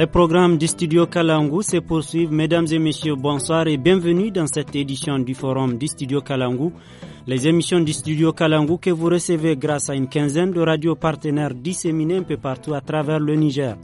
Les programmes du studio Kalangu se poursuivent. Mesdames et messieurs, bonsoir et bienvenue dans cette édition du forum du studio Kalangu. Les émissions du studio Kalangu que vous recevez grâce à une quinzaine de radios partenaires disséminées un peu partout à travers le Niger.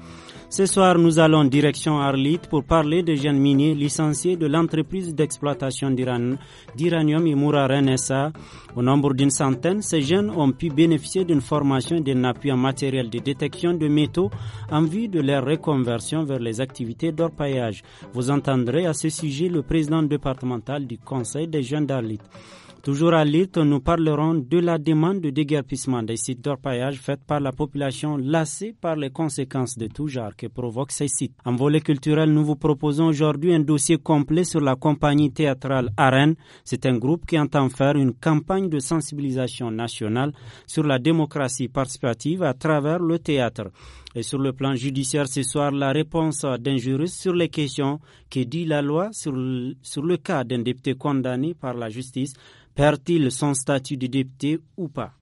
Ce soir, nous allons direction Arlit pour parler des jeunes miniers licenciés de l'entreprise d'exploitation d'uranium Imura Renessa. Au nombre d'une centaine, ces jeunes ont pu bénéficier d'une formation et d'un appui en matériel de détection de métaux en vue de leur reconversion vers les activités d'orpaillage. Vous entendrez à ce sujet le président départemental du Conseil des jeunes d'Arlit. Toujours à Lille, nous parlerons de la demande de déguerpissement des sites d'orpaillage faite par la population lassée par les conséquences de tout genre que provoquent ces sites. En volet culturel, nous vous proposons aujourd'hui un dossier complet sur la compagnie théâtrale Arène. C'est un groupe qui entend faire une campagne de sensibilisation nationale sur la démocratie participative à travers le théâtre. Et sur le plan judiciaire, ce soir, la réponse d'un juriste sur les questions que dit la loi sur le, sur le cas d'un député condamné par la justice perd-il son statut de député ou pas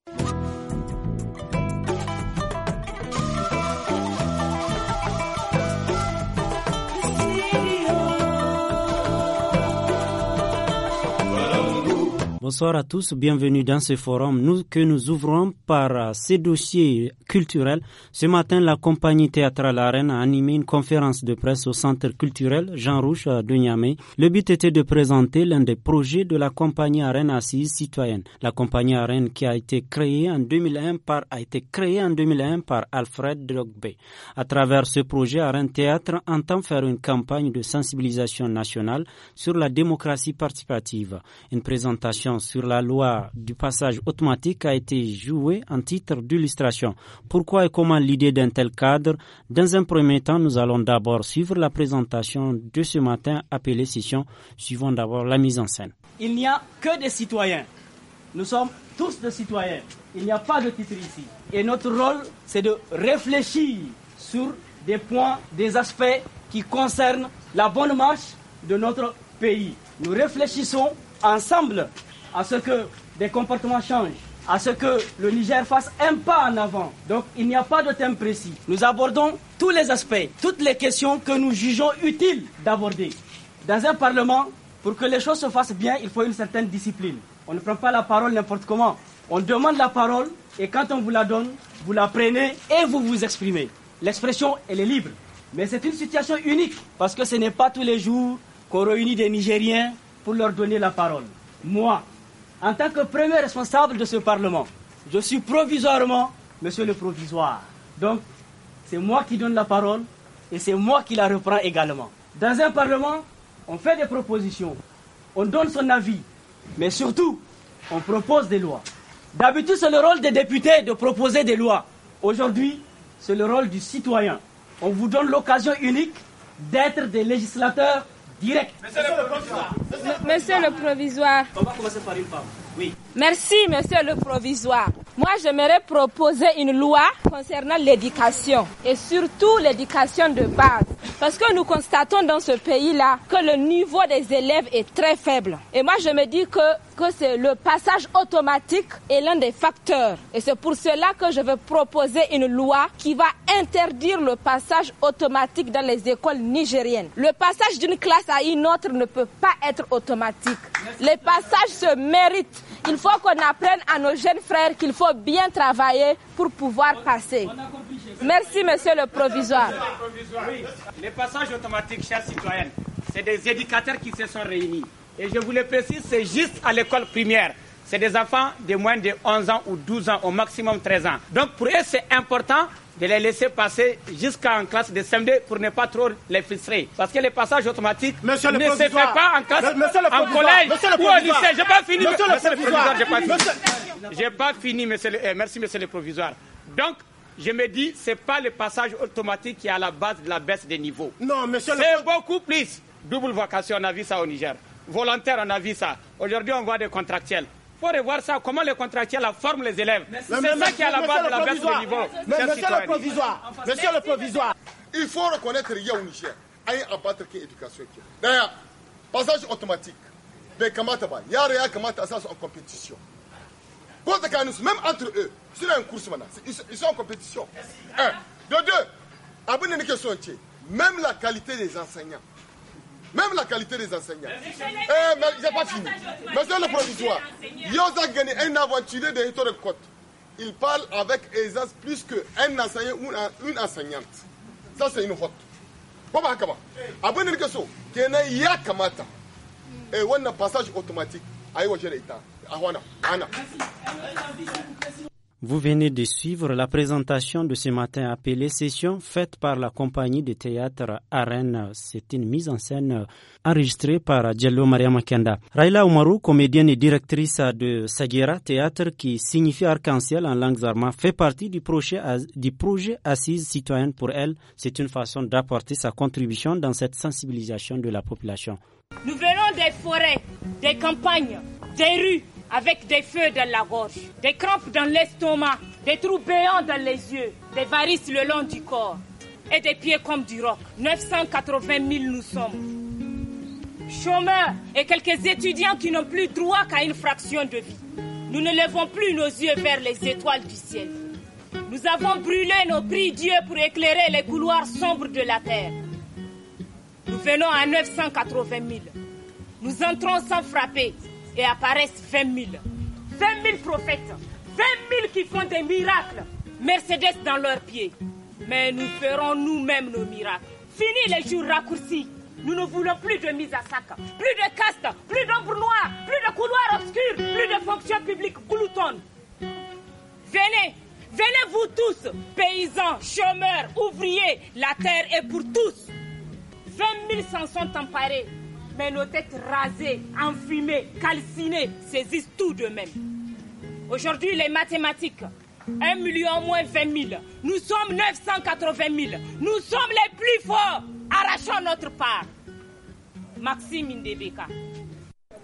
Bonsoir à tous, bienvenue dans ce forum nous, que nous ouvrons par euh, ces dossiers culturels. Ce matin, la compagnie théâtrale Arène a animé une conférence de presse au centre culturel Jean Rouge euh, de Niamey. Le but était de présenter l'un des projets de la compagnie Arène Assise Citoyenne. La compagnie Arène qui a été créée en 2001 par, a été créée en 2001 par Alfred Drogbe. À travers ce projet, Arène Théâtre entend faire une campagne de sensibilisation nationale sur la démocratie participative. Une présentation sur la loi du passage automatique a été jouée en titre d'illustration. Pourquoi et comment l'idée d'un tel cadre Dans un premier temps, nous allons d'abord suivre la présentation de ce matin appelée session, suivant d'abord la mise en scène. Il n'y a que des citoyens. Nous sommes tous des citoyens. Il n'y a pas de titre ici. Et notre rôle, c'est de réfléchir sur des points, des aspects qui concernent la bonne marche de notre pays. Nous réfléchissons ensemble à ce que des comportements changent, à ce que le Niger fasse un pas en avant. Donc il n'y a pas de thème précis. Nous abordons tous les aspects, toutes les questions que nous jugeons utiles d'aborder. Dans un Parlement, pour que les choses se fassent bien, il faut une certaine discipline. On ne prend pas la parole n'importe comment. On demande la parole et quand on vous la donne, vous la prenez et vous vous exprimez. L'expression, elle est libre. Mais c'est une situation unique parce que ce n'est pas tous les jours qu'on réunit des Nigériens pour leur donner la parole. Moi, en tant que premier responsable de ce Parlement, je suis provisoirement monsieur le provisoire. Donc, c'est moi qui donne la parole et c'est moi qui la reprends également. Dans un Parlement, on fait des propositions, on donne son avis, mais surtout, on propose des lois. D'habitude, c'est le rôle des députés de proposer des lois. Aujourd'hui, c'est le rôle du citoyen. On vous donne l'occasion unique d'être des législateurs direct. Monsieur le provisoire. le provisoire. On va commencer par une femme. Oui. Merci, monsieur le provisoire. Moi, j'aimerais proposer une loi concernant l'éducation et surtout l'éducation de base. Parce que nous constatons dans ce pays-là que le niveau des élèves est très faible. Et moi, je me dis que, que c'est le passage automatique est l'un des facteurs. Et c'est pour cela que je veux proposer une loi qui va interdire le passage automatique dans les écoles nigériennes. Le passage d'une classe à une autre ne peut pas être automatique. Les passages se méritent. Il faut qu'on apprenne à nos jeunes frères qu'il faut bien travailler pour pouvoir passer. Merci, monsieur le provisoire. Les passages automatiques, chers citoyens, c'est des éducateurs qui se sont réunis. Et je vous le précise, c'est juste à l'école primaire. C'est des enfants de moins de 11 ans ou 12 ans, au maximum 13 ans. Donc pour eux, c'est important de les laisser passer jusqu'à jusqu'en classe de cm pour ne pas trop les frustrer. Parce que le passage automatique ne se fait pas en classe, en collège ou au lycée. n'ai pas fini. Monsieur, le provisoire, j'ai pas fini. pas fini, le, eh, merci monsieur le provisoire. Donc, je me dis, ce n'est pas le passage automatique qui est à la base de la baisse des niveaux. Non, monsieur C'est beaucoup plus. Double vocation, on a vu ça au Niger. Volontaire, on a vu ça. Aujourd'hui, on voit des contractuels faut revoir ça, comment les contractuels forment les élèves. C'est ça qui est à la base de la baisse de niveau. Mais monsieur le provisoire, monsieur le provisoire. Il faut reconnaître qu'il y a au Niger, il y a un qui éducation. D'ailleurs, passage automatique. Mais comment Il y a rien comment ça en compétition. même entre eux, s'il un a course maintenant, ils sont en compétition. Un. De deux, abonnez-vous question. Même la qualité des enseignants même la qualité des enseignants. Eh, mais j'ai pas fini. Monsieur le provisoire, Yosa gagné un aventurier de Hito de Côte, il parle avec aisance plus qu'un enseignant ou une enseignante. Ça, c'est une faute. Comment bah, haka ba? Abin da nake so, kenan ya kamata. Eh, wannan passage automatique a yi waje da ita. Vous venez de suivre la présentation de ce matin appelée Session faite par la compagnie de théâtre Arène. C'est une mise en scène enregistrée par Diallo Maria Makenda. Raila Omaru, comédienne et directrice de Sagira Théâtre qui signifie arc-en-ciel en langue zarma, fait partie du projet, du projet Assise citoyenne pour elle. C'est une façon d'apporter sa contribution dans cette sensibilisation de la population. Nous venons des forêts, des campagnes, des rues avec des feux dans la gorge, des crampes dans l'estomac, des trous béants dans les yeux, des varices le long du corps et des pieds comme du roc. 980 000 nous sommes. Chômeurs et quelques étudiants qui n'ont plus droit qu'à une fraction de vie. Nous ne levons plus nos yeux vers les étoiles du ciel. Nous avons brûlé nos prix Dieu pour éclairer les couloirs sombres de la terre. Nous venons à 980 000. Nous entrons sans frapper, et apparaissent 20 000. 20 000 prophètes, 20 000 qui font des miracles, Mercedes dans leurs pieds. Mais nous ferons nous-mêmes nos miracles. Fini les jours raccourcis. Nous ne voulons plus de mise à sac, plus de caste, plus d'ombre noire, plus de couloirs obscurs, plus de fonctions publiques gloutonnes. Venez, venez vous tous, paysans, chômeurs, ouvriers, la terre est pour tous. 20 000 s'en sont emparés mais nos têtes rasées, enfumées, calcinées saisissent tout de même. Aujourd'hui, les mathématiques, 1 million moins 20 000. Nous sommes 980 000. Nous sommes les plus forts. Arrachons notre part. Maxime Indebeka.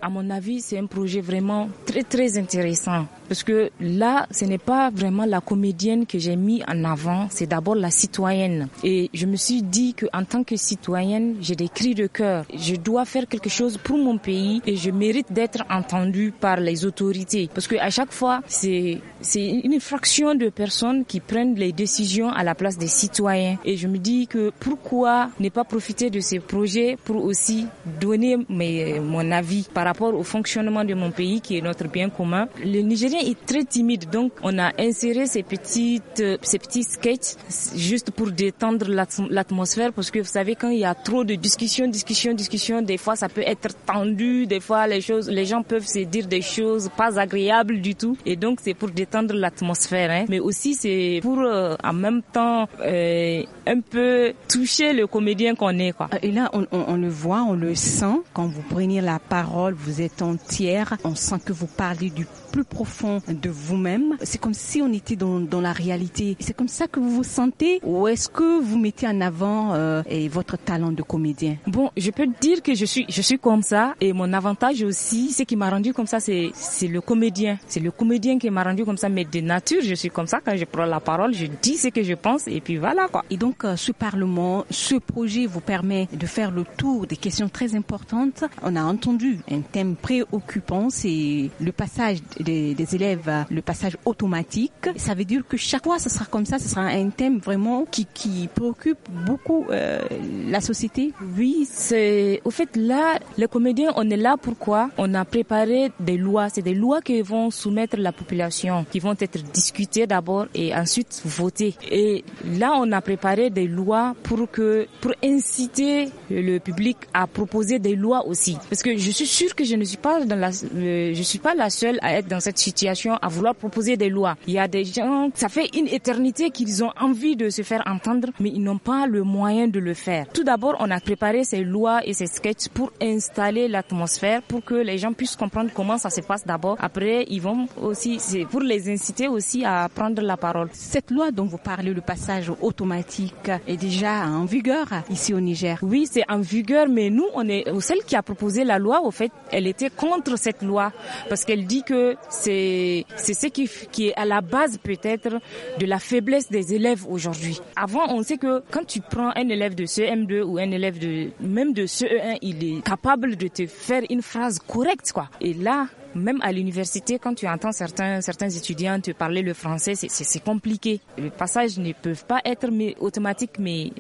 À mon avis, c'est un projet vraiment très très intéressant. Parce que là, ce n'est pas vraiment la comédienne que j'ai mis en avant, c'est d'abord la citoyenne. Et je me suis dit qu'en tant que citoyenne, j'ai des cris de cœur. Je dois faire quelque chose pour mon pays et je mérite d'être entendue par les autorités. Parce que à chaque fois, c'est, c'est une fraction de personnes qui prennent les décisions à la place des citoyens. Et je me dis que pourquoi ne pas profiter de ces projets pour aussi donner mon avis par rapport au fonctionnement de mon pays qui est notre bien commun. Le Nigérien est très timide, donc on a inséré ces petites, euh, ces petits sketchs juste pour détendre l'atmosphère, parce que vous savez quand il y a trop de discussions, discussions, discussions, des fois ça peut être tendu, des fois les choses, les gens peuvent se dire des choses pas agréables du tout, et donc c'est pour détendre l'atmosphère, hein. mais aussi c'est pour euh, en même temps euh, un peu toucher le comédien qu'on est, quoi. Et là, on, on, on le voit, on le sent quand vous prenez la parole, vous êtes entière, on sent que vous parlez du plus profond de vous-même. C'est comme si on était dans, la réalité. C'est comme ça que vous vous sentez ou est-ce que vous mettez en avant euh, et votre talent de comédien Bon, je peux dire que je suis, je suis comme ça et mon avantage aussi, ce qui m'a rendu comme ça, c'est le comédien. C'est le comédien qui m'a rendu comme ça, mais de nature, je suis comme ça. Quand je prends la parole, je dis ce que je pense et puis voilà quoi. Et donc, euh, ce Parlement, ce projet vous permet de faire le tour des questions très importantes. On a entendu un thème préoccupant, c'est le passage des, élèves le passage automatique. Ça veut dire que chaque fois, ce sera comme ça, ce sera un thème vraiment qui, qui préoccupe beaucoup euh, la société. Oui, c'est au fait là, les comédiens, on est là pourquoi On a préparé des lois. C'est des lois qui vont soumettre la population, qui vont être discutées d'abord et ensuite votées. Et là, on a préparé des lois pour que pour inciter le public à proposer des lois aussi. Parce que je suis sûre que je ne suis pas dans la, euh, je suis pas la seule à être dans cette situation à vouloir proposer des lois. Il y a des gens, ça fait une éternité qu'ils ont envie de se faire entendre, mais ils n'ont pas le moyen de le faire. Tout d'abord, on a préparé ces lois et ces sketchs pour installer l'atmosphère, pour que les gens puissent comprendre comment ça se passe d'abord. Après, ils vont aussi, c'est pour les inciter aussi à prendre la parole. Cette loi dont vous parlez, le passage automatique, est déjà en vigueur ici au Niger. Oui, c'est en vigueur, mais nous, on est celle qui a proposé la loi. Au fait, elle était contre cette loi parce qu'elle dit que c'est ce qui, qui est à la base peut-être de la faiblesse des élèves aujourd'hui. Avant, on sait que quand tu prends un élève de CM2 ou un élève de même de CE1, il est capable de te faire une phrase correcte quoi. Et là, même à l'université, quand tu entends certains, certains étudiants te parler le français, c'est compliqué. Les passages ne peuvent pas être mais, automatiques, mais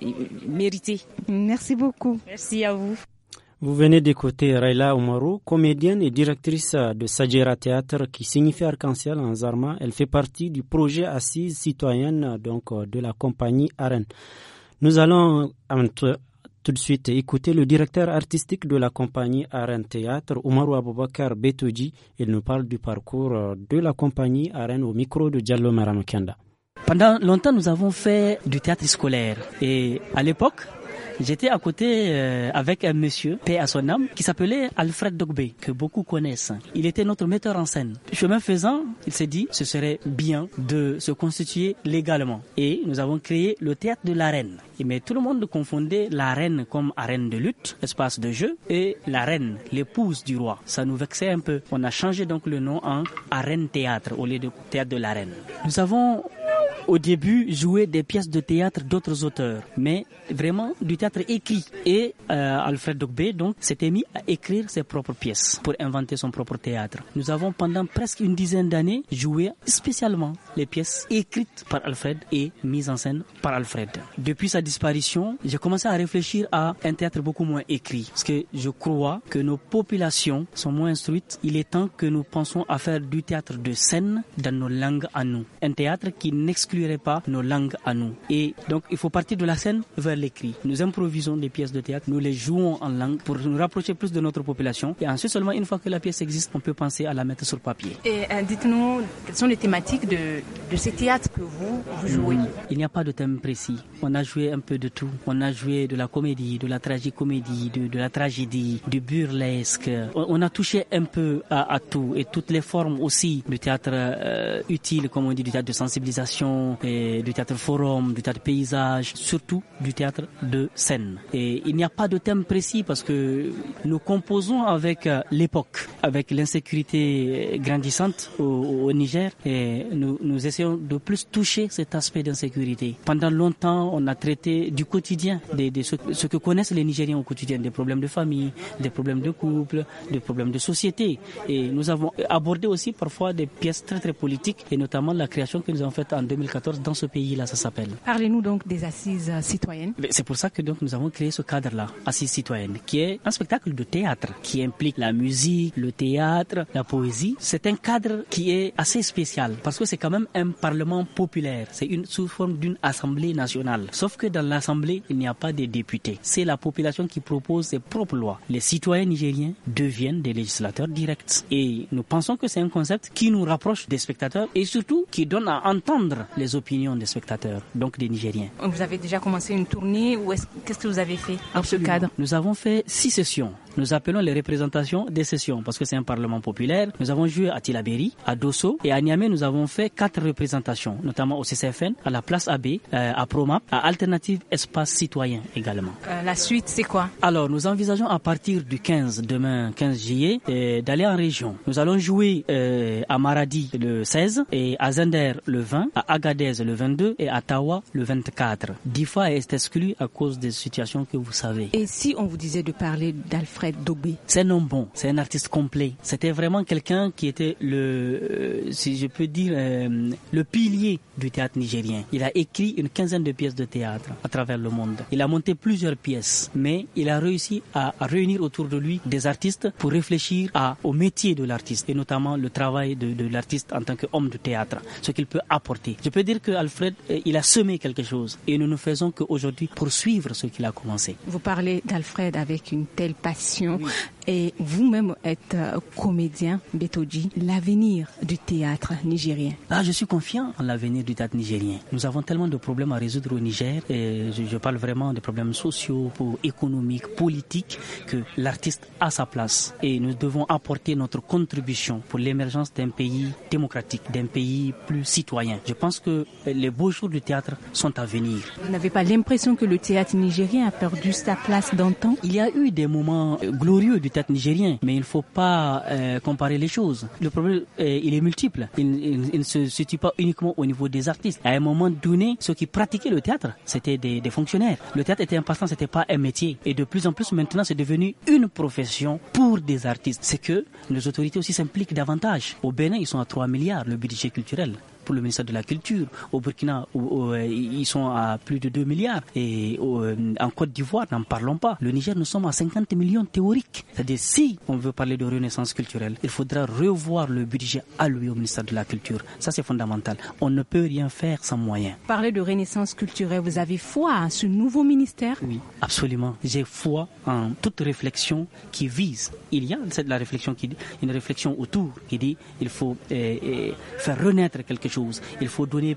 mérités. Merci beaucoup. Merci à vous. Vous venez d'écouter Raila Oumarou, comédienne et directrice de Sajera Théâtre qui signifie arc-en-ciel en Zarma. Elle fait partie du projet Assise citoyenne donc, de la compagnie AREN. Nous allons euh, tout de suite écouter le directeur artistique de la compagnie AREN Théâtre, Oumarou Aboubakar Betoji. Il nous parle du parcours euh, de la compagnie AREN au micro de Diallo Maramukenda. Pendant longtemps, nous avons fait du théâtre scolaire et à l'époque, J'étais à côté euh, avec un monsieur, paix à son âme, qui s'appelait Alfred Dogbé, que beaucoup connaissent. Il était notre metteur en scène. Chemin faisant, il s'est dit, ce serait bien de se constituer légalement. Et nous avons créé le théâtre de l'arène. Mais tout le monde confondait l'arène comme arène de lutte, espace de jeu, et la reine, l'épouse du roi. Ça nous vexait un peu. On a changé donc le nom en arène théâtre au lieu de théâtre de l'arène. Nous avons au début jouer des pièces de théâtre d'autres auteurs, mais vraiment du théâtre écrit. Et euh, Alfred Dogbé donc s'était mis à écrire ses propres pièces pour inventer son propre théâtre. Nous avons pendant presque une dizaine d'années joué spécialement les pièces écrites par Alfred et mises en scène par Alfred. Depuis sa disparition, j'ai commencé à réfléchir à un théâtre beaucoup moins écrit, parce que je crois que nos populations sont moins instruites. Il est temps que nous pensions à faire du théâtre de scène dans nos langues à nous, un théâtre qui n'exclut pas nos langues à nous. Et donc, il faut partir de la scène vers l'écrit. Nous improvisons des pièces de théâtre, nous les jouons en langue pour nous rapprocher plus de notre population. Et ensuite, seulement une fois que la pièce existe, on peut penser à la mettre sur papier. Et euh, dites-nous, quelles sont les thématiques de, de ces théâtres que vous, jouez mm. Il n'y a pas de thème précis. On a joué un peu de tout. On a joué de la comédie, de la tragicomédie, de, de la tragédie, du burlesque. On, a touché un peu à, tout et toutes les formes aussi du théâtre euh, utile, comme on dit, du théâtre de sensibilisation du théâtre Forum, du théâtre Paysage, surtout du théâtre de scène. Et il n'y a pas de thème précis parce que nous composons avec euh, l'époque, avec l'insécurité euh, grandissante au, Niger et nous, essayons de plus toucher cet aspect d'insécurité. Pendant longtemps, on a traité du quotidien, de, ce, que connaissent les Nigériens au quotidien, des problèmes de famille, des problèmes de couple, des problèmes de société. Et nous avons abordé aussi parfois des pièces très très politiques et notamment la création que nous avons faite en 2014, dans ce pays-là, ça s'appelle. Parlez-nous donc des assises citoyennes. C'est pour ça que donc nous avons créé ce cadre-là, assises citoyennes, qui est un spectacle de théâtre qui implique la musique, le théâtre, la poésie. C'est un cadre qui est assez spécial parce que c'est quand même un parlement populaire. C'est une sous forme d'une assemblée nationale. Sauf que dans l'assemblée, il n'y a pas de députés. C'est la population qui propose ses propres lois. Les citoyens nigériens deviennent des législateurs directs. Et nous pensons que c'est un concept qui nous rapproche des spectateurs et surtout qui donne à entendre les opinions des spectateurs, donc des Nigériens. Vous avez déjà commencé une tournée ou qu'est-ce que vous avez fait dans ce cadre Nous avons fait six sessions nous appelons les représentations des sessions parce que c'est un parlement populaire. Nous avons joué à Tilaberi, à Dosso et à Niamey. Nous avons fait quatre représentations, notamment au CCFN, à la place AB, euh, à Promap, à Alternative Espace Citoyen également. Euh, la suite, c'est quoi Alors, nous envisageons à partir du 15, demain 15 juillet, euh, d'aller en région. Nous allons jouer à Maradi le 16 et à Zender le 20, à Agadez le 22 et à Tawa le 24. fois est exclu à cause des situations que vous savez. Et si on vous disait de parler d'Alpha c'est un homme bon, c'est un artiste complet. C'était vraiment quelqu'un qui était le, euh, si je peux dire, euh, le pilier du théâtre nigérien. Il a écrit une quinzaine de pièces de théâtre à travers le monde. Il a monté plusieurs pièces, mais il a réussi à réunir autour de lui des artistes pour réfléchir à, au métier de l'artiste et notamment le travail de, l'artiste en tant qu'homme de théâtre, ce qu'il peut apporter. Je peux dire que Alfred, euh, il a semé quelque chose et nous ne faisons qu'aujourd'hui poursuivre ce qu'il a commencé. Vous parlez d'Alfred avec une telle passion oui et vous-même êtes euh, comédien, Betoji, l'avenir du théâtre nigérien ah, Je suis confiant en l'avenir du théâtre nigérien. Nous avons tellement de problèmes à résoudre au Niger, et je, parle vraiment des problèmes sociaux, économiques, politiques, que l'artiste a sa place. Et nous devons apporter notre contribution pour l'émergence d'un pays démocratique, d'un pays plus citoyen. Je pense que les beaux jours du théâtre sont à venir. Vous n'avez pas l'impression que le théâtre nigérien a perdu sa place d'antan Il y a eu des moments glorieux du théâtre nigérien, mais il ne faut pas euh, comparer les choses. Le problème, euh, il est multiple. Il, ne se situe pas uniquement au niveau des artistes. À un moment donné, ceux qui pratiquaient le théâtre, c'était des, fonctionnaires. Le théâtre était important, ce n'était pas un métier. Et de plus en plus, maintenant, c'est devenu une profession pour des artistes. C'est que les autorités aussi s'impliquent davantage. Au Bénin, ils sont à 3 milliards, le budget culturel le ministère de la Culture. Au Burkina, euh, ils sont à plus de 2 milliards. Et euh, en Côte d'Ivoire, n'en parlons pas. Le Niger, nous sommes à 50 millions théoriques. C'est-à-dire, si on veut parler de renaissance culturelle, il faudra revoir le budget alloué au ministère de la Culture. Ça, c'est fondamental. On ne peut rien faire sans moyens. Parler de renaissance culturelle, vous avez foi à ce nouveau ministère Oui, absolument. J'ai foi en toute réflexion qui vise. Il y a la réflexion qui, une réflexion autour qui dit qu'il faut euh, faire renaître quelque chose il faut donner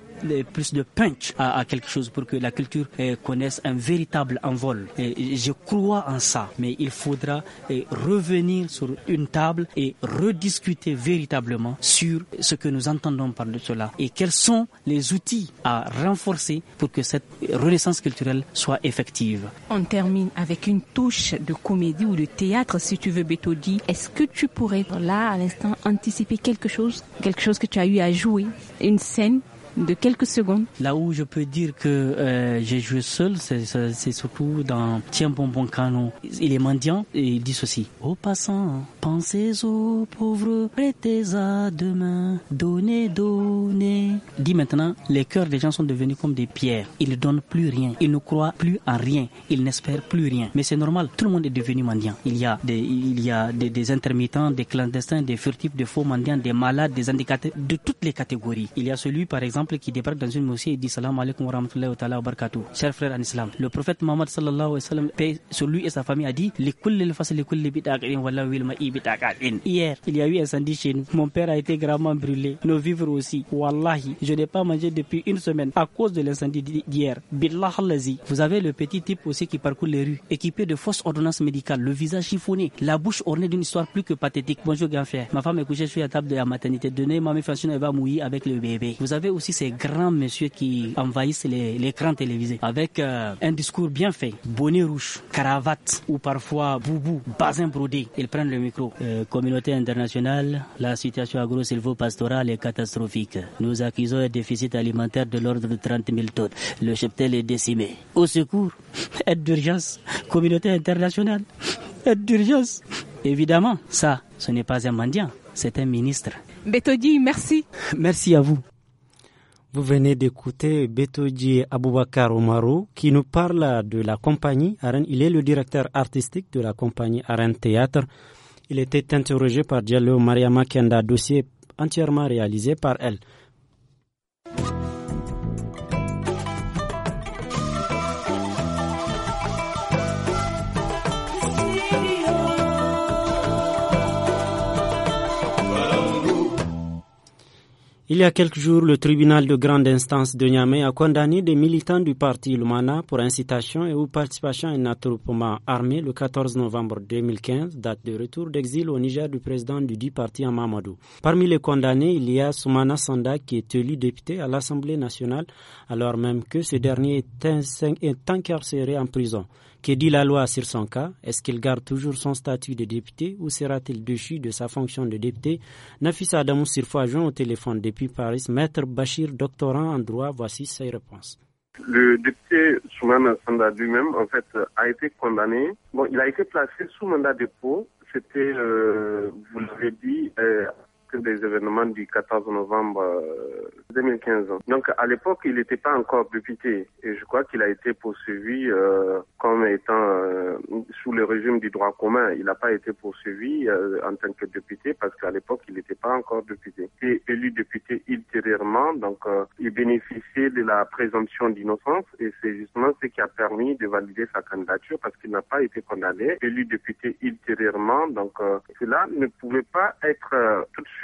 plus de punch à, quelque chose pour que la culture eh, connaisse un véritable envol. Et je crois en ça, mais il faudra eh, revenir sur une table et rediscuter véritablement sur ce que nous entendons par cela et quels sont les outils à renforcer pour que cette renaissance culturelle soit effective. On termine avec une touche de comédie ou de théâtre, si tu veux, Bétodi. Est-ce que tu pourrais, là, à l'instant, anticiper quelque chose, quelque chose que tu as eu à jouer, Insane. de quelques secondes. Là où je peux dire que euh, j'ai joué seul, c'est surtout dans Tiens bon Canon. Il est mendiant et il dit ceci. Au passant, pensez aux pauvres, prêtez à demain, donnez, donnez. Dit maintenant, les cœurs des gens sont devenus comme des pierres. Ils ne donnent plus rien. Ils ne croient plus en rien. Ils n'espèrent plus rien. Mais c'est normal, tout le monde est devenu mendiant. Il y a des, il y a des, des intermittents, des clandestins, des furtifs, des faux mendiants, des malades, des handicapés, de toutes les catégories. Il y a celui, par exemple, qui débarque dans une mosquée et dit Salam alaikum wa rahmatullahi wa tala Cher frère en islam, le prophète Mohammed sallallahu alayhi wa paix sur lui et sa famille, a dit Hier, il y a eu un incendie chez nous. Mon père a été gravement brûlé. Nos vivres aussi. Wallahi, je n'ai pas mangé depuis une semaine à cause de l'incendie d'hier. Billah Vous avez le petit type aussi qui parcourt les rues, équipé de fausses ordonnances médicales, le visage chiffonné, la bouche ornée d'une histoire plus que pathétique. Bonjour, grand frère. Ma femme est couchée, sur la table de la maternité. Donnez-moi mère elle va mouiller avec le bébé. Vous avez aussi ces grands messieurs qui envahissent l'écran télévisé avec euh, un discours bien fait, bonnet rouge, cravate ou parfois boubou, bazin brodé. Ils prennent le micro. Euh, communauté internationale, la situation agro pastorale est catastrophique. Nous accusons un déficit alimentaire de l'ordre de 30 000 tonnes. Le cheptel est décimé. Au secours, aide d'urgence, communauté internationale, aide d'urgence. Évidemment, ça, ce n'est pas un mendiant, c'est un ministre. Béthodie, merci. Merci à vous. Vous venez d'écouter Betoji Aboubakar Omarou qui nous parle de la compagnie Arène. Il est le directeur artistique de la compagnie Arène Théâtre. Il était interrogé par Diallo Mariama Kenda, dossier entièrement réalisé par elle. Il y a quelques jours, le tribunal de grande instance de Niamey a condamné des militants du parti Lumana pour incitation et ou participation à un attroupement armé le 14 novembre 2015, date de retour d'exil au Niger du président du dit parti Amamadou. Parmi les condamnés, il y a Soumana Sanda qui est élu député à l'Assemblée nationale alors même que ce dernier est incarcéré en prison. Que dit la loi sur son cas Est-ce qu'il garde toujours son statut de député ou sera-t-il déchu de sa fonction de député Nafisa Adamou Sirfo joint au téléphone depuis Paris. Maître Bachir, doctorant en droit, voici ses réponses. Le député Souman Sanda lui-même, en fait, a été condamné. Bon, il a été placé sous mandat de dépôt. C'était, euh, vous l'avez dit, euh, des événements du 14 novembre 2015. Euh, donc à l'époque, il n'était pas encore député et je crois qu'il a été poursuivi euh, comme étant euh, sous le régime du droit commun. Il n'a pas été poursuivi en tant que député parce qu'à l'époque, il n'était pas encore député. Et élu député ultérieurement, donc il bénéficiait de la présomption d'innocence et c'est justement ce qui a permis de valider sa candidature parce qu'il n'a pas été condamné, élu député ultérieurement. Donc cela ne pouvait pas être tout de suite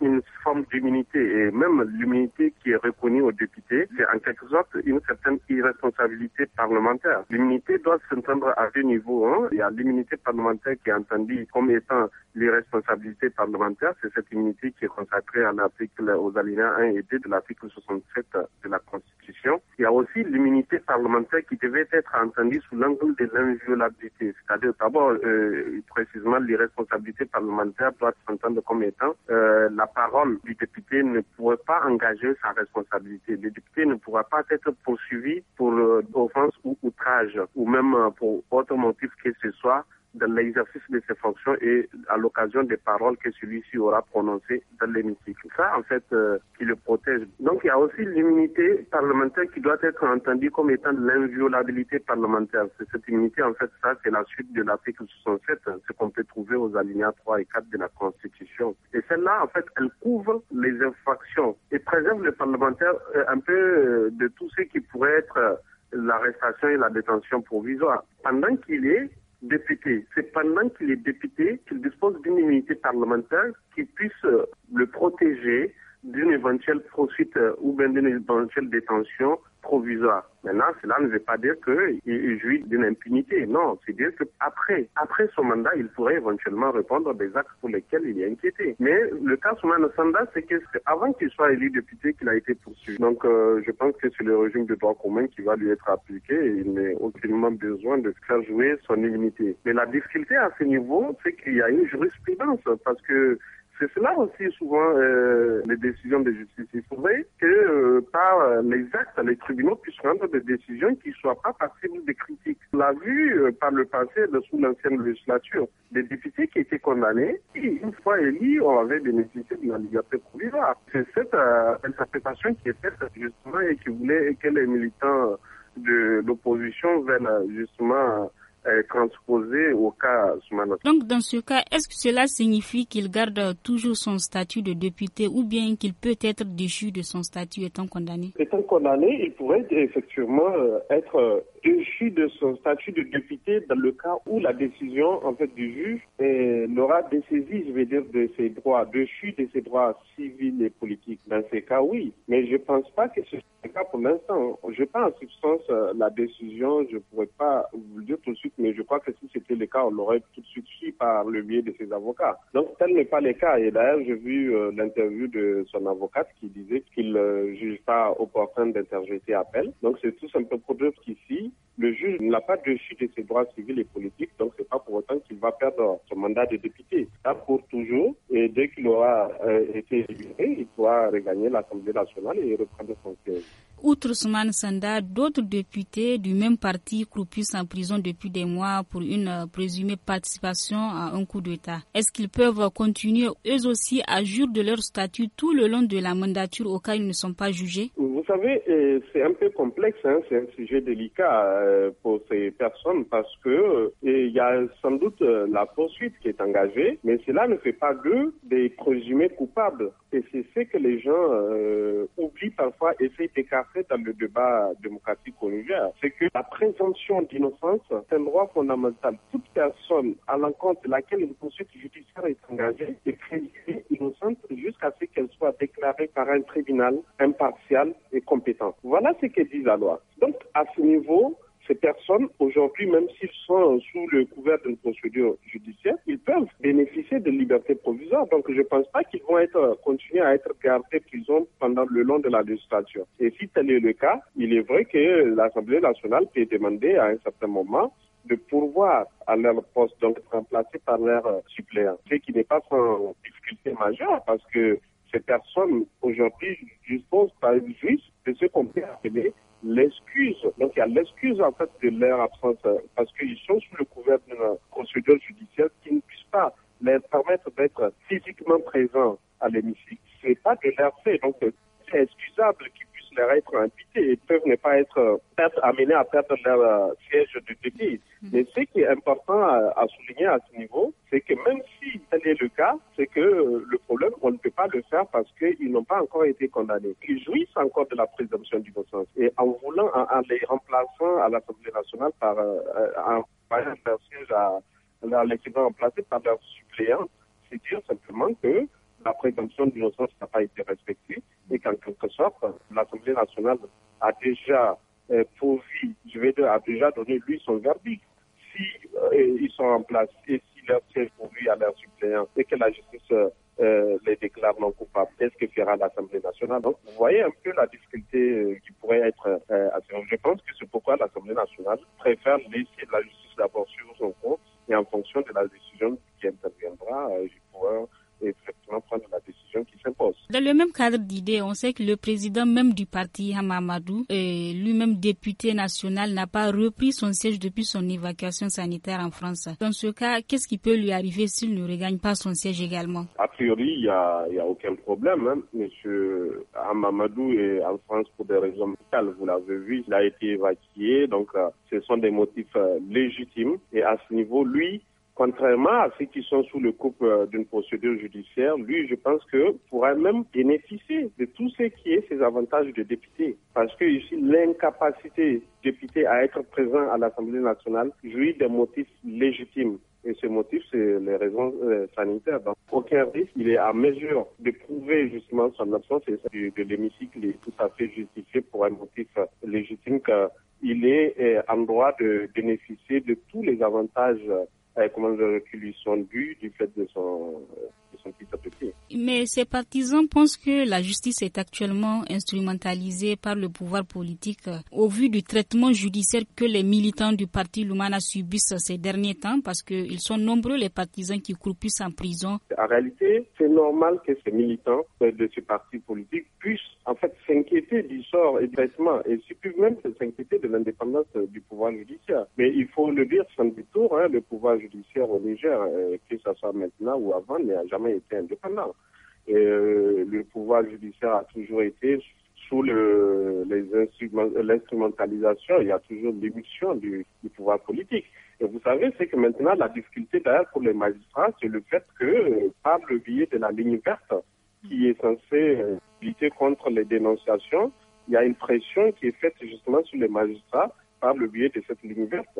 une forme d'immunité et même l'immunité qui est reconnue aux députés, c'est en quelque sorte une certaine irresponsabilité parlementaire. L'immunité doit s'entendre à deux niveaux. Hein. Il y a l'immunité parlementaire qui est entendue comme étant l'irresponsabilité parlementaire, c'est cette immunité qui est consacrée à l'article aux alinéas 1 et 2 de l'article 67 de la Constitution. Il y a aussi l'immunité parlementaire qui devait être entendue sous l'angle de l'inviolabilité, c'est-à-dire d'abord euh, précisément l'irresponsabilité parlementaire doit s'entendre comme étant euh, euh, la parole du député ne pourrait pas engager sa responsabilité. Le député ne pourra pas être poursuivi pour euh, offense ou outrage, ou même euh, pour autre motif que ce soit dans l'exercice de ses fonctions et à l'occasion des paroles que celui-ci aura prononcées dans l'hémicycle. Ça, en fait, euh, qui le protège. Donc, il y a aussi l'immunité parlementaire qui doit être entendue comme étant l'inviolabilité parlementaire. cette immunité, en fait, ça, c'est la suite de l'article 67, hein, ce qu'on peut trouver aux alinéas 3 et 4 de la Constitution. Et celle-là, en fait, elle couvre les infractions et préserve le parlementaire euh, un peu euh, de tout ce qui pourrait être l'arrestation et la détention provisoire. Pendant qu'il est député. C'est pendant qu'il est député qu'il dispose d'une immunité parlementaire qui puisse euh, le protéger d'une éventuelle poursuite euh, ou bien d'une éventuelle détention provisoire. Maintenant, cela ne veut pas dire qu'il jouit d'une impunité. Non, c'est dire qu'après après son mandat, il pourrait éventuellement répondre des actes pour lesquels il est inquiété. Mais le cas Soumane Sanda, c'est qu'avant qu'il soit élu député, qu'il a été poursuivi. Donc, euh, je pense que c'est le régime de droit commun qui va lui être appliqué et il n'est aucunement besoin de faire jouer son immunité. Mais la difficulté à ce niveau, c'est qu'il y a une jurisprudence parce que c'est cela aussi souvent euh, les décisions de justice. Il faudrait que euh, par euh, les actes, les tribunaux puissent rendre des décisions qui ne soient pas passibles de critiques. l'a vu par le passé de, sous l'ancienne législature des députés qui étaient condamnés qui une fois élus, on avait bénéficié de la liberté provisoire. C'est cette interprétation qui est faite justement et qui voulait que les militants de l'opposition viennent justement transposé au cas Donc dans ce cas, est-ce que cela signifie qu'il garde toujours son statut de député ou bien qu'il peut être déchu de son statut étant condamné Étant condamné, il pourrait effectivement euh, être euh, déchu de son statut de député dans le cas où la décision en fait du juge n'aura euh, l'aura dessaisi, je vais dire, de ses droits, déchu de ses droits civils et politiques. Dans ces cas, oui. Mais je pense pas que ce soit le cas pour l'instant. Je pas en substance euh, la décision, je pourrais pas vous le dire tout de suite, mais je crois que si c'était le cas, on l'aurait tout de suite su par le biais de ses avocats. Donc tel n'est pas le cas. Et d'ailleurs, j'ai vu euh, l'interview de son avocate qui disait qu'il ne juge pas opportun d'interjeter appel. Donc c'est tout simplement pour dire qu'ici, le juge n'a pas de chute de ses droits civils et politiques, donc c'est pas pour autant qu'il va perdre son mandat de député. Ça pour toujours, et dès qu'il aura euh, été libéré, il pourra regagner l'Assemblée nationale et reprendre son siège. Outre Soumane Sanda, d'autres députés du même parti croupissent en prison depuis des mois pour une euh, présumée participation à un coup d'État. Est-ce qu'ils peuvent continuer eux aussi à jour de leur statut tout le long de la mandature au cas où ils ne sont pas jugés Vous savez, euh, c'est un peu complexe, hein. c'est un sujet délicat euh, pour ces personnes parce que euh, il y a sans doute euh, la poursuite qui est engagée, mais cela ne fait pas d'eux des présumés coupables. Et c'est ce que les gens oublient parfois, essayent d'écarter dans le débat démocratique au Niger. C'est que la présomption d'innocence est un droit fondamental. Toute personne à l'encontre de laquelle une poursuite judiciaire est engagée est présumée innocente jusqu'à ce qu'elle soit déclarée par un tribunal impartial et compétent. Voilà ce que dit la loi. Donc, à ce niveau, ces personnes, aujourd'hui, même s'ils sont sous le couvert d'une procédure judiciaire, ils peuvent bénéficier de liberté provisoire. Donc, je ne pense pas qu'ils vont être, continuer à être gardés prison pendant le long de la législature. Et si tel est le cas, il est vrai que l'Assemblée nationale peut demander à un certain moment de pourvoir à leur poste, donc être remplacé par leur euh, suppléant, ce qui n'est pas sans difficulté majeure parce que ces personnes aujourd'hui disposent par le juge de ce qu'on peut appeler l'excuse. Donc il y a l'excuse en fait de leur absence euh, parce qu'ils sont sous le couvert d'une procédure judiciaire qui ne puisse pas leur permettre d'être physiquement présents à l'hémicycle. C'est pas de leur fait. Donc c'est excusable qu'ils être imputés, Ils peuvent ne pas être amenés à perdre leur euh, siège de député. Mhm. Mais ce qui est important à, souligner à ce niveau, c'est que même si tel est le cas, c'est que le problème, on ne peut pas le faire parce qu'ils n'ont pas encore été condamnés. Ils jouissent encore de la présomption d'innocence. Et en voulant, en, les remplaçant à l'Assemblée nationale par un, euh, euh, siège à, à l'équivalent remplacé par leur suppléant, c'est dire simplement que la présomption d'innocence n'a pas été respectée et qu'en quelque sorte, l'Assemblée nationale a déjà euh, pourvu, je vais dire, a déjà donné lui son verdict. Si euh, ils sont en place et si leur siège pourvu à leur suppléant et que la justice euh, les déclare non coupables, qu'est-ce que fera l'Assemblée nationale Donc, vous voyez un peu la difficulté euh, qui pourrait être à Je pense que c'est pourquoi l'Assemblée nationale préfère laisser la justice d'abord sur son compte et en fonction de la décision qui interviendra, dans le même cadre d'idée, on sait que le président même du parti Hamamadou, euh, lui-même député national, n'a pas repris son siège depuis son évacuation sanitaire en France. Dans ce cas, qu'est-ce qui peut lui arriver s'il ne regagne pas son siège également A priori, il n'y a, aucun problème. Hein. Monsieur Hamamadou est en France pour des raisons médicales. Vous l'avez vu, il a été évacué. Donc, euh, ce sont des motifs euh, légitimes. Et à ce niveau, lui, Contrairement à ceux qui sont sous le coup euh, d'une procédure judiciaire, lui, je pense que pourrait même bénéficier de tout ce qui est ses avantages de député. Parce que ici, l'incapacité député à être présent à l'Assemblée nationale jouit des motifs légitimes. Et ce motif, c'est les raisons euh, sanitaires. Donc, aucun risque. Il est à mesure de prouver justement son absence et de, l'hémicycle est tout à fait justifié pour un motif euh, légitime qu'il est en droit de bénéficier de tous les avantages elle commence de reculer son but du fait de son euh, mais ces partisans pensent que la justice est actuellement instrumentalisée par le pouvoir politique euh, au vu du traitement judiciaire que les militants du parti Lumana subissent ces derniers temps parce qu'ils sont nombreux les partisans qui croupissent en prison. En réalité, c'est normal que ces militants euh, de ce parti politique puissent en fait s'inquiéter du sort et du traitement et surtout même s'inquiéter de l'indépendance euh, du pouvoir judiciaire. Mais il faut le dire sans détour, hein, le pouvoir judiciaire au que ce soit maintenant ou avant, n'est jamais était indépendant. Et, euh, le pouvoir judiciaire a toujours été sous le, les l'instrumentalisation, il y a toujours l'émission du, pouvoir politique. Et vous savez, c'est que maintenant, la difficulté d'ailleurs pour les magistrats, c'est le fait que, euh, par le biais de la ligne verte, qui est censée euh, lutter contre les dénonciations, il y a une pression qui est faite justement sur les magistrats par le biais de cette ligne verte.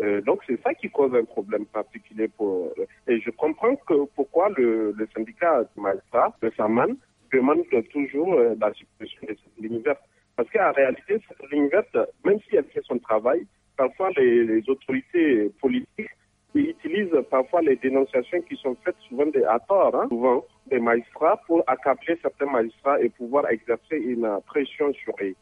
Euh, donc c'est ça qui cause un problème particulier pour. Euh, et je comprends que pourquoi le, syndicat de le SAMAN, demande toujours euh, la suppression de cette ligne verte. Parce qu'en réalité, cette ligne verte, même si elle fait son travail, parfois les, autorités politiques utilisent parfois les dénonciations qui sont faites souvent des, à tort, hein, souvent des magistrats, pour accabler certains magistrats et pouvoir exercer une pression sur eux.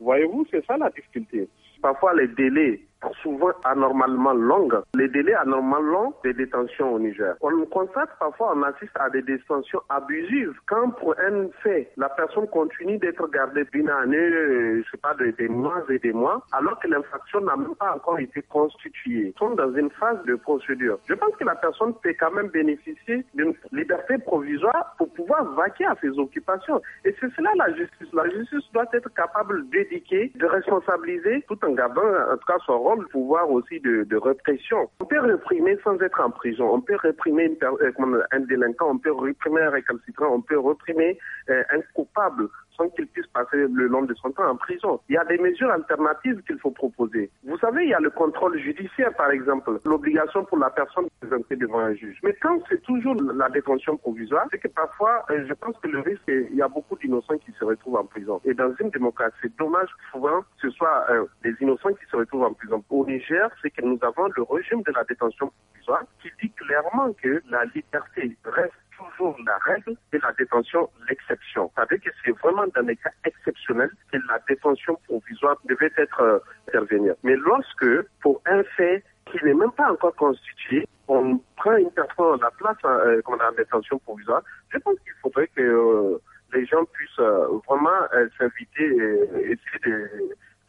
Voyez-vous, c'est ça la difficulté. Parfois les délais souvent anormalement longues. Les délais anormalement longs des détentions au Niger. On constate parfois, on assiste à des détentions abusives. Quand pour un fait, la personne continue d'être gardée d'une année, je sais pas, des mois et des mois, alors que l'infraction n'a même pas encore été constituée. Ils sont dans une phase de procédure. Je pense que la personne peut quand même bénéficier d'une liberté provisoire pour pouvoir vaquer à ses occupations. Et c'est cela la justice. La justice doit être capable d'éduquer, de responsabiliser, tout en gardant en tout cas son rôle le pouvoir aussi de, répression. On peut réprimer sans être en prison. On peut réprimer euh, un délinquant, on peut réprimer un récalcitrant, on peut réprimer euh, un coupable sans qu'il puisse passer le long de son temps en prison. Il y a des mesures alternatives qu'il faut proposer. Vous savez, il y a le contrôle judiciaire, par exemple, l'obligation pour la personne de présenter devant un juge. Mais quand c'est toujours la détention provisoire, c'est que parfois, euh, je pense que le risque, il y a beaucoup d'innocents qui se retrouvent en prison. Et dans une démocratie, c'est dommage que souvent ce soit des innocents qui se retrouvent en prison au Niger, c'est que nous avons le régime de la détention provisoire qui dit clairement que la liberté reste toujours la règle et la détention l'exception. Vous savez que c'est vraiment dans des cas exceptionnels que la détention provisoire devait être euh, intervenue. Mais lorsque, pour un fait qui n'est même pas encore constitué, on prend une personne la place qu'on a en détention provisoire, je pense qu'il faudrait que euh, les gens puissent euh, vraiment s'inviter et essayer de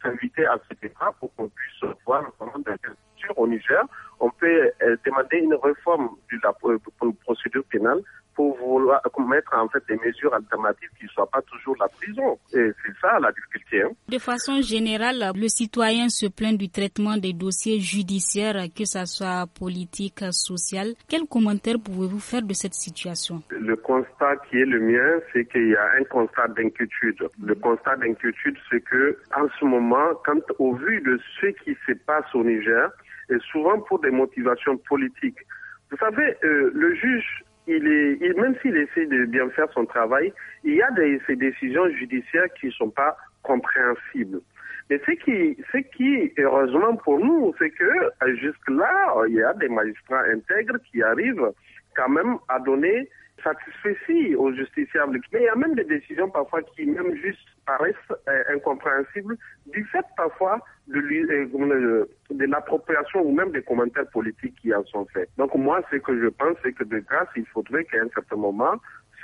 invité à ce débat pour qu'on puisse voir le dans quelle au Niger on peut euh, demander une réforme de la euh, procédure pénale vouloir mettre en fait des mesures alternatives qui ne soient pas toujours la prison. Et c'est ça la difficulté. Hein. De façon générale, le citoyen se plaint du traitement des dossiers judiciaires, que ce soit politique, social. Quel commentaire pouvez-vous faire de cette situation Le constat qui est le mien, c'est qu'il y a un constat d'inquiétude. Le constat d'inquiétude, c'est que en ce moment, quand au vu de ce qui se passe au Niger, et souvent pour des motivations politiques, vous savez, euh, le juge il même s'il essaie de bien faire son travail, il y a des, ces décisions judiciaires qui ne sont pas compréhensibles. Mais ce qui, ce qui, heureusement pour nous, c'est que jusque-là, il y a des magistrats intègres qui arrivent quand même à donner satisfait aux justiciables. Mais il y a même des décisions parfois qui même juste paraissent euh, incompréhensibles du fait parfois de, euh, euh, de l'appropriation ou même des commentaires politiques qui en sont faits. Donc moi, ce que je pense, c'est que de grâce, il faudrait qu'à un certain moment,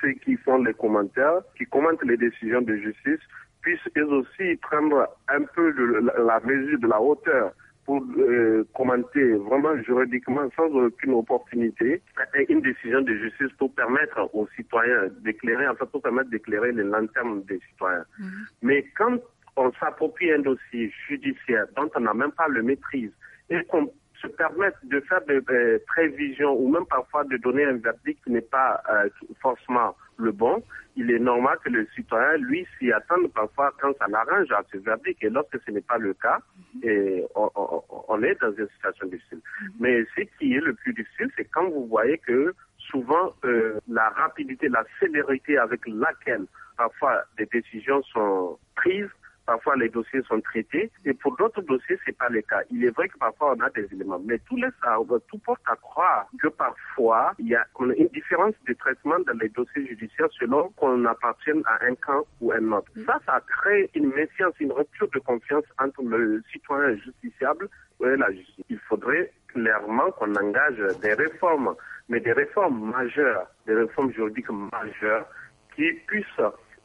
ceux qui font les commentaires, qui commentent les décisions de justice, puissent eux aussi prendre un peu la mesure de la hauteur pour euh, commenter vraiment juridiquement sans aucune opportunité une décision de justice pour permettre aux citoyens d'éclairer, en fait pour permettre d'éclairer les lanternes des citoyens. Mhm. Mais quand on s'approprie un dossier judiciaire dont on n'a même pas le maîtrise et qu'on se permettre de faire des, prévisions ou même parfois de donner un verdict qui n'est pas euh, forcément le bon, il est normal que le citoyen, lui, s'y attende parfois quand ça l'arrange à ce verdict. Et lorsque ce n'est pas le cas, mhm. et on, est dans une situation difficile. Mhm. Mais ce qui est le plus difficile, c'est quand vous voyez que souvent euh, la rapidité, la célérité avec laquelle parfois des décisions sont prises Parfois, les dossiers sont traités et pour d'autres dossiers, c'est pas le cas. Il est vrai que parfois, on a des éléments, mais tout laisse à, tout porte à croire que parfois, il y a une différence de traitement dans les dossiers judiciaires selon qu'on appartienne à un camp ou un autre. Mm. Ça, ça crée une méfiance, une rupture de confiance entre le citoyen justiciable et la justice. Il faudrait clairement qu'on engage des réformes, mais des réformes majeures, des réformes juridiques majeures qui puissent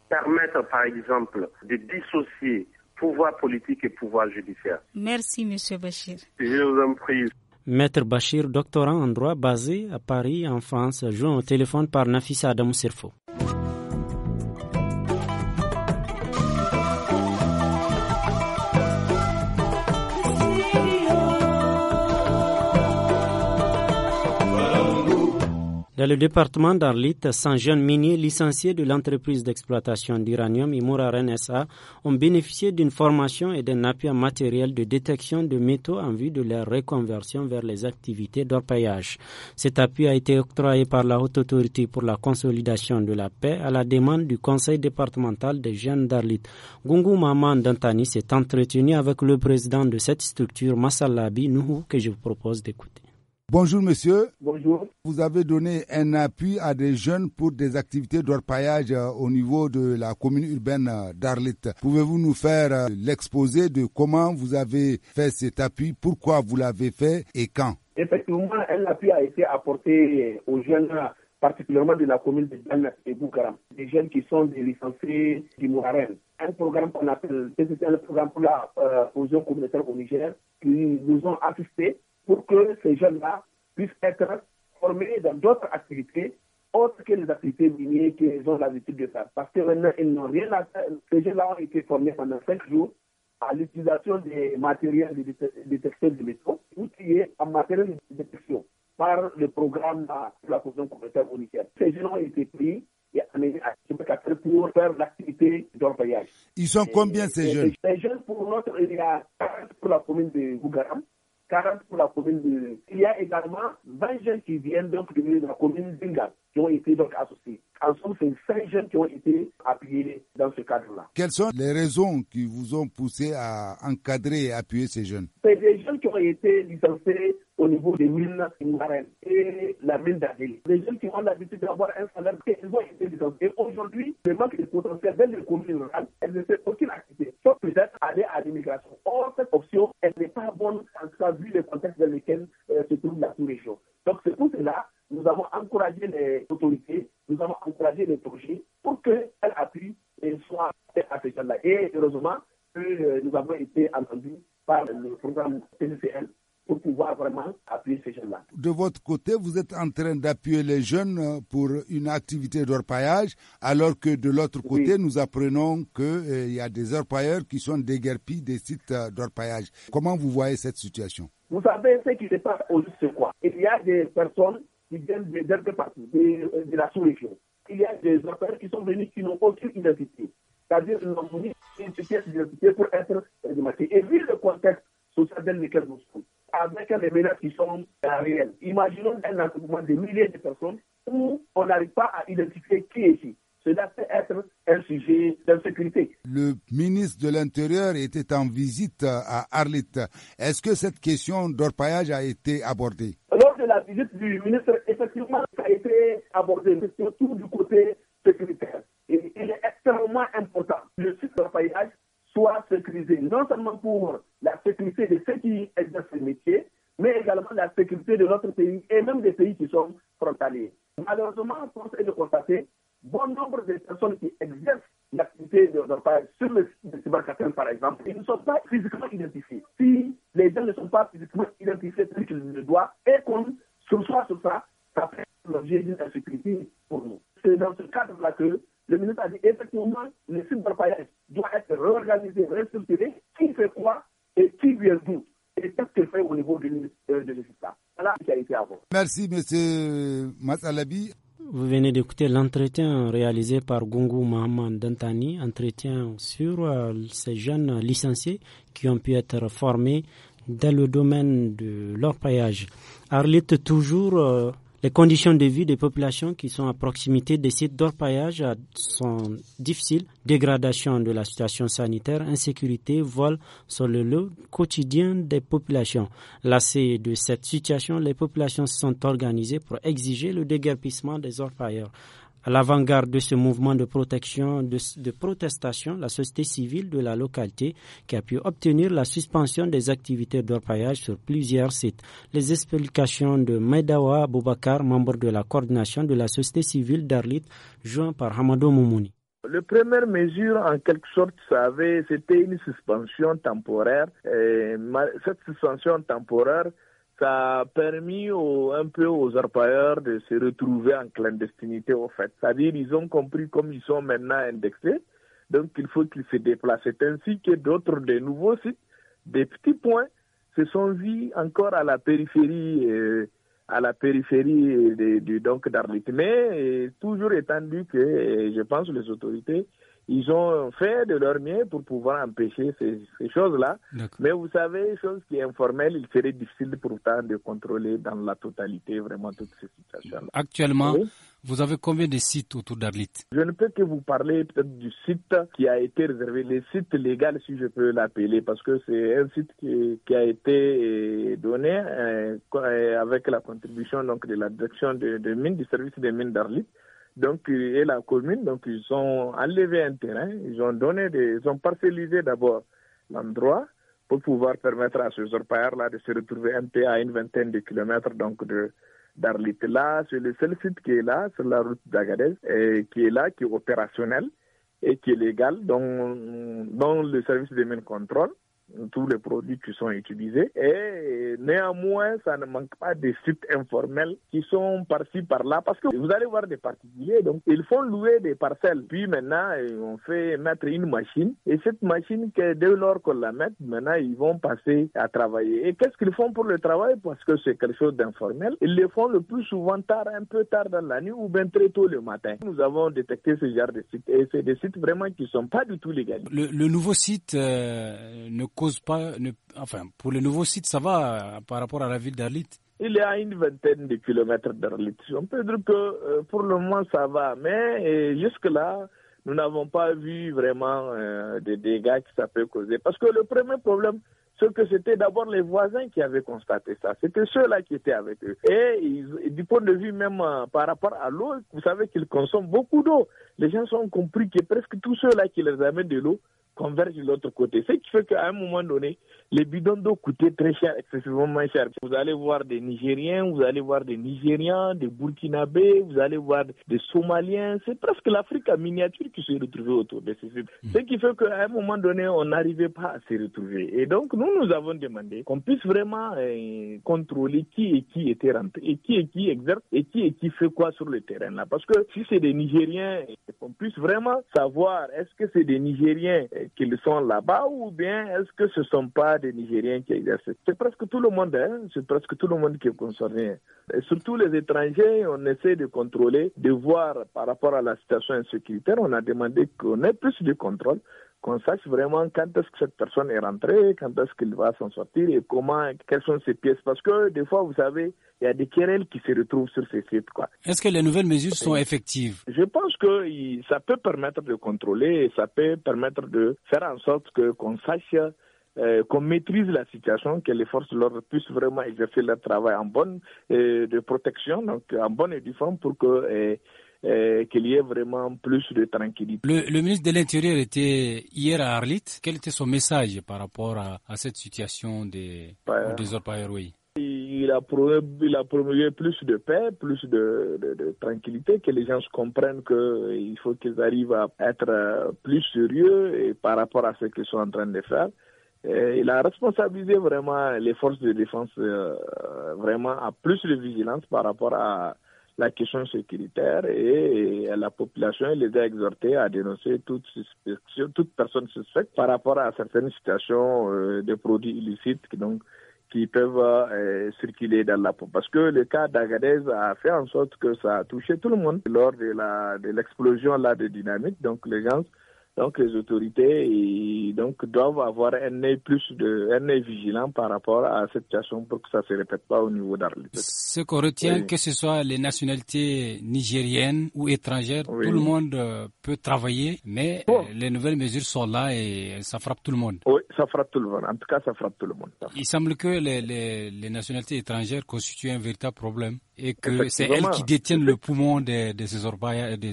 permettre, par exemple, de dissocier pouvoir politique et pouvoir judiciaire. Merci, Monsieur Bachir. Je vous en prie. Maître Bachir, doctorant en droit basé à Paris, en France, joint au téléphone par Nafissa Adam Sirfo. Dans le département d'Arlit, 100 jeunes miniers licenciés de l'entreprise d'exploitation d'uranium Imura SA ont bénéficié d'une formation et d'un appui en matériel de détection de métaux en vue de leur reconversion vers les activités d'orpaillage. Cet appui a été octroyé par la Haute Autorité pour la consolidation de la paix à la demande du Conseil départemental des jeunes d'Arlit. Gungu Maman Dantani s'est entretenu avec le président de cette structure, Massalabi Nuhu, que je vous propose d'écouter. Bonjour monsieur. Bonjour. Vous avez donné un appui à des jeunes pour des activités d'orpaillage euh, au niveau de la commune urbaine euh, d'Arlit. Pouvez-vous nous faire euh, l'exposé de comment vous avez fait cet appui, pourquoi vous l'avez fait et quand Effectivement, un appui a été apporté aux jeunes particulièrement de la commune de et Boukaram, des jeunes qui sont des licenciés du Mouraren. Un programme qu'on appelle, c'est un programme pour la aux jeunes communautaires au Niger, qui nous ont assistés pour que ces jeunes-là puissent être formés dans d'autres activités autres que les activités minières qu'ils ont l'habitude de faire. Parce que maintenant, ils n'ont rien à faire. Ces jeunes-là ont été formés pendant cinq jours à l'utilisation des matériels de détection de métaux, outillés en matériel de détection par le programme de euh, la fonction communautaire unitaire. Ces jeunes ont été pris et amenés à Chimbacatré pour faire l'activité d'envoyage. Ils sont combien ces jeunes Ces jeunes, pour notre, il y a pour la commune de Gougaram, 40 pour la commune de... Il y a également 20 jeunes qui viennent donc de la commune d'Ingal, qui ont été donc associés. En somme, c'est 5 jeunes qui ont été appuyés dans ce cadre-là. Quelles sont les raisons qui vous ont poussé à encadrer et appuyer ces jeunes C'est des jeunes qui ont été licenciés au niveau des mines Ingaren et la mine d'Adélie. Des jeunes qui ont l'habitude d'avoir un salaire, qu'ils ont été licenciés. Et Aujourd'hui, le manque de potentiel dans les communes rurales, elles ne font aucune activité peut être aller à l'immigration. Or, cette option, elle n'est pas bonne en tout cas vu le contexte dans lequel euh, se trouve la sous-région. Donc, c'est pour cela nous avons encouragé les autorités, nous avons encouragé les projets pour qu'elles appuient et soient à ces gens-là. Et heureusement que euh, nous avons été entendus par le programme TNCL pour pouvoir vraiment appuyer ces gens-là de votre côté, vous êtes en train d'appuyer les jeunes euh, pour une activité d'orpaillage, alors que de l'autre côté, nous apprenons qu'il euh, y a des orpailleurs qui sont déguerpis des sites euh, d'orpaillage. Comment vous voyez cette situation Vous savez ce qui se passe au juste, c'est quoi Il y a des personnes qui viennent de, de de, la sous-région. Il y a des orpailleurs qui sont venus qui n'ont aucune identité. C'est-à-dire, ils n'ont une pièce d'identité pour être réglementés. Et vu le contexte social dans lequel nous sommes, avec les menaces qui sont réelles. Imaginons un accouplement de milliers de personnes où on n'arrive pas à identifier qui est qui. Cela peut être un sujet d'insécurité. Le ministre de l'Intérieur était en visite à Arlit. Est-ce que cette question d'orpaillage a été abordée Lors de la visite du ministre, effectivement, ça a été abordé, surtout du côté sécuritaire. il est extrêmement important que le site d'orpaillage soit sécurisé, non seulement pour sécurité de ceux qui exercent ce métier, mais également la sécurité de notre pays et même des pays qui sont frontaliers. Malheureusement, on est de constater bon nombre de personnes qui exercent l'activité de travail sur le site de Cybercafé, par exemple, ils ne sont pas physiquement identifiés. Si les gens ne sont pas physiquement identifiés c'est qu'ils le doivent et qu'on se soit sur ça, ça fait l'objet d'une insécurité pour nous. C'est dans ce cadre-là que le ministre a dit effectivement le site doit être réorganisé, restructuré et qui vous est et qu'est-ce fait au niveau de, euh, de l'État. Voilà ce qui a été avant. Merci, M. Matsalabi. Vous venez d'écouter l'entretien réalisé par Gungu Mohamed Dantani, entretien sur euh, ces jeunes licenciés qui ont pu être formés dans le domaine de leur paillage. Arlette, toujours euh, les conditions de vie des populations qui sont à proximité des sites d'orpaillage sont difficiles. Dégradation de la situation sanitaire, insécurité, vol sur le lot quotidien des populations. Lassées de cette situation, les populations se sont organisées pour exiger le déguerpissement des orpailleurs à l'avant-garde de ce mouvement de protection, de, protestation, la société civile de la localité qui a pu obtenir la suspension des activités d'orpaillage sur plusieurs sites. Les explications de Medawa Boubacar, membre de la coordination de la société civile d'Arlit, joint par Hamado Moumouni. La première mesure, en quelque sorte, c'était une suspension temporaire. cette suspension temporaire ça a permis un peu aux arpailleurs de se retrouver en clandestinité au fait. C'est-à-dire ils ont compris comme ils sont maintenant indexés, donc il faut qu'ils se déplacent. C'est ainsi que d'autres, de nouveaux sites, des petits points, se sont vus encore à la périphérie, euh, à la périphérie donc d'Arlit. Mais euh, toujours toujours étendu que, euh, je pense, les autorités ils ont fait de leur mieux pour pouvoir empêcher ces, choses-là. Mais vous savez, chose qui est informelle, il serait difficile pourtant de contrôler dans la totalité vraiment toutes ces situations-là. Actuellement, vous avez combien de sites autour d'Arlit Je ne peux que vous parler peut-être du site qui a été réservé, le site légal si je peux l'appeler, parce que c'est un site qui, a été euh, donné euh, euh, avec la contribution donc de la direction de, de mines, du service des mines d'Arlit donc, et la commune, donc ils ont enlevé un terrain, ils ont donné des, ils ont parcellisé d'abord l'endroit pour pouvoir permettre à ce orpailleurs-là de se retrouver un peu à une vingtaine de kilomètres donc de d'Arlit. Là, c'est le seul site qui est là, sur la route d'Agadez, et qui est là, qui est opérationnel et qui est légal, dans dans le service de mine contrôle tous les produits qui sont utilisés. Et néanmoins, ça ne manque pas des sites informels qui sont par-ci, par-là, parce que vous allez voir des particuliers, donc ils font louer des parcelles. Puis maintenant, on fait mettre une machine, et cette machine, dès lors qu'on la met, maintenant, ils vont passer à travailler. Et qu'est-ce qu'ils font pour le travail Parce que c'est quelque chose d'informel. Ils le font le plus souvent tard, un peu tard dans la nuit ou bien très tôt le matin. Nous avons détecté ce genre de sites, et c'est des sites vraiment qui ne sont pas du tout légaux. Le, nouveau site euh, ne cause pas, enfin, pour le nouveau site, ça va euh, par rapport à la ville d'Arlit Il est à une vingtaine de kilomètres d'Arlit. On peut dire que euh, pour le moment, ça va, mais euh, jusque-là, nous n'avons pas vu vraiment des dégâts que ça peut causer. Parce que le premier problème, c'est que c'était d'abord les voisins qui avaient constaté ça. C'était ceux-là qui étaient avec eux. Et, du point de vue même par rapport à l'eau, vous savez qu'ils consomment beaucoup d'eau. Les gens ont compris que presque tous ceux-là qui les amènent de l'eau convergent de l'autre côté. Ce qui fait qu'à un moment donné, les bidons d'eau coûtaient très cher, excessivement cher. Vous allez voir des Nigériens, vous allez voir des Nigériens, des Burkinabés, vous allez voir des Somaliens. C'est presque l'Afrique en miniature qui se retrouvait autour de ces hmm. Ce qui fait qu'à un moment donné, on n'arrivait pas à se retrouver. Et donc, nous, nous avons demandé qu'on puisse vraiment euh, contrôler qui et qui était rentré, et qui et qui exerce, et qui et qui fait quoi sur le terrain là. Parce que si c'est des Nigériens, qu'on puisse vraiment savoir est-ce que c'est des Nigériens euh, qu'ils sont là-bas ou bien est-ce que ce ne sont pas des Nigériens qui exercent C'est presque tout le monde, hein c'est presque tout le monde qui est concerné. Et surtout les étrangers, on essaie de contrôler, de voir par rapport à la situation insécuritaire. On a demandé qu'on ait plus de contrôle qu'on sache vraiment quand est-ce que cette personne est rentrée, quand est-ce qu'il va s'en sortir et comment, quelles sont ses pièces. Parce que des fois, vous savez, il y a des querelles qui se retrouvent sur ces sites. Quoi. Est-ce que les nouvelles mesures sont effectives Je pense que ça peut permettre de contrôler et ça peut permettre de faire en sorte que qu'on sache, euh, qu'on maîtrise la situation, que les forces de l'ordre puissent vraiment exercer leur travail en bonne euh, de protection, donc en bonne et due forme pour que... Euh, euh, qu'il y ait vraiment plus de tranquillité. Le, ministre de l'Intérieur était hier à Arlit. Quel était son message par rapport à, cette situation des, il a, il a plus de paix, plus de, tranquillité, que les gens comprennent qu'il faut qu'ils arrivent à être euh, plus sérieux et par rapport à ce qu'ils sont en train de faire. il a responsabilisé vraiment les forces de défense euh, vraiment à plus de vigilance par rapport à la question sécuritaire et, la population les a exhortés à dénoncer toute, toute personne suspecte par rapport à certaines situations euh, de produits illicites qui, donc, qui peuvent euh, circuler dans la peau. Parce que le cas d'Agadez a fait en sorte que ça a touché tout le monde lors de l'explosion de, là, de dynamite. Donc les gens donc les autorités donc doivent avoir un œil plus de œil vigilant par rapport à cette situation pour que ça ne se répète pas au niveau d'Arlit. Ce qu'on retient, que ce soit les nationalités nigériennes ou étrangères, tout le monde euh, peut travailler, mais euh, les nouvelles mesures sont là et ça frappe tout le monde. Oui, ça frappe tout le monde. En tout cas, ça frappe tout le monde. Il semble que les nationalités étrangères constituent un véritable problème et que c'est elles qui détiennent le poumon de,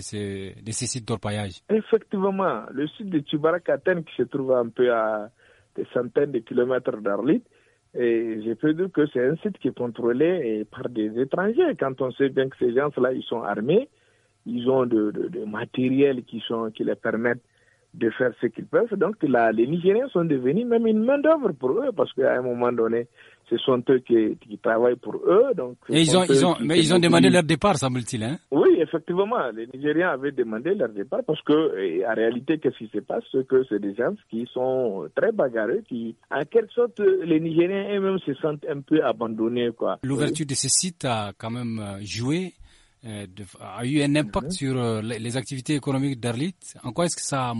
ces, de, sites d'orpaillage. Effectivement, le site de Tubarakaten qui se trouve un peu à des centaines de kilomètres d'Arlit, et je peux dire que c'est un site qui est contrôlé par des étrangers. Quand on sait bien que ces gens-là, ils sont armés, ils ont de, de, matériel qui, qui les permettent de faire ce qu'ils peuvent. Donc les Nigériens sont devenus même une main-d'œuvre pour eux, parce qu'à un moment donné, ce sont eux qui, travaillent pour eux. Donc, ils ont, ils ont, mais ils ont demandé leur départ, semble-t-il. Hein oui, effectivement. Les Nigériens avaient demandé leur départ parce que, en réalité, qu'est-ce qui se passe C'est que c'est des gens qui sont très bagarreux, qui, en quelque sorte, les Nigériens eux-mêmes se sentent un peu abandonnés. L'ouverture de ces sites a quand même euh, joué euh, a eu un impact mhm. sur euh, les activités économiques d'Arlit. En quoi est-ce que ça a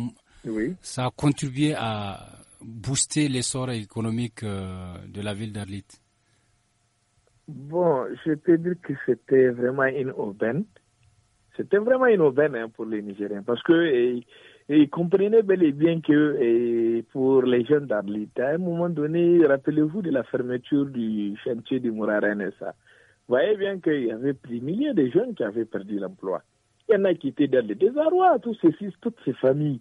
ça a contribué à booster l'essor économique euh, de la ville d'Arlit Bon, je peux dire que c'était vraiment une aubaine. C'était vraiment une aubaine hein, pour les Nigériens parce que comprenaient bel et bien que pour les jeunes d'Arlit, à un moment donné, rappelez-vous de la fermeture du chantier du Mourara ça. Vous voyez bien qu'il y avait des milliers de jeunes qui avaient perdu l'emploi. Il y en a qui étaient dans le désarroi, ces fils, toutes ces familles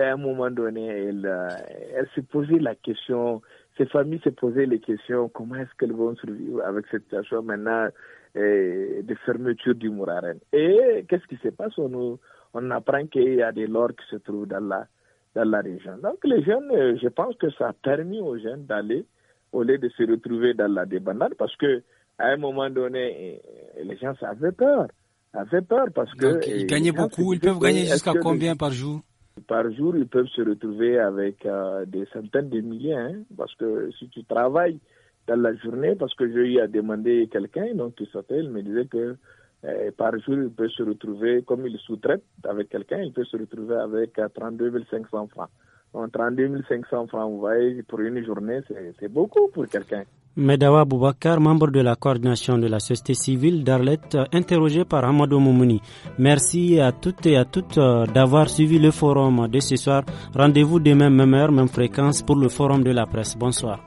à un moment donné, euh, elle, se posait la question, ses familles se posaient les questions, comment est-ce qu'elles vont survivre avec cette situation maintenant euh, de fermeture du Mouraren. Et qu'est-ce qui se passe on, on apprend qu'il y a des lords qui se trouvent dans la, dans la région. Donc les jeunes, euh, je pense que ça a permis aux jeunes d'aller au lieu de se retrouver dans la débandade parce que à un moment donné, les gens avaient peur. Avaient peur parce que. ils gagnaient beaucoup. Ils peuvent gagner jusqu'à combien par jour par jour, ils peuvent se retrouver avec euh, des centaines de milliers, hein. parce que si tu travailles dans la journée, parce que j'ai eu à demander quelqu'un, donc qui s'appelle, me disait que euh, par jour, il peut se retrouver, comme il sous-traite avec quelqu'un, il peut se retrouver avec 32 euh, 500 francs. 32 500 francs, vous voyez, pour une journée, c'est beaucoup pour quelqu'un. Medawa Boubacar, membre de la coordination de la société civile d'Arlette, interrogé par Amado Moumouni. Merci à toutes et à toutes euh, d'avoir suivi le forum de ce soir. Rendez-vous demain, même heure, même fréquence pour le forum de la presse. Bonsoir.